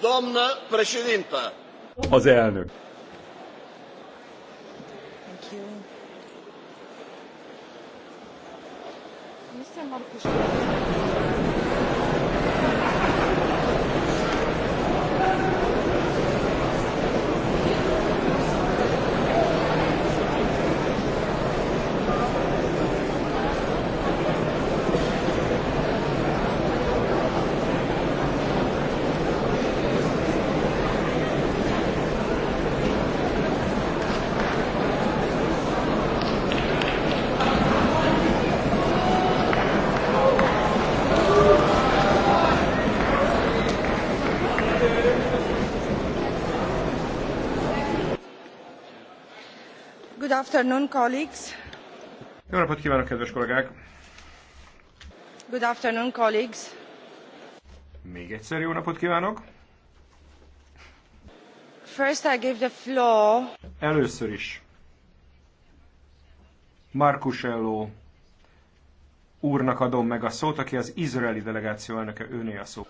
Doamnă președintă! Az elnök. Thank you. Mr. Marcus. Good afternoon, colleagues. Jó napot kívánok, kedves kollégák! Good afternoon, colleagues. Még egyszer jó napot kívánok! First I give the floor. Először is Markusello úrnak adom meg a szót, aki az izraeli delegáció elnöke, őné a szó.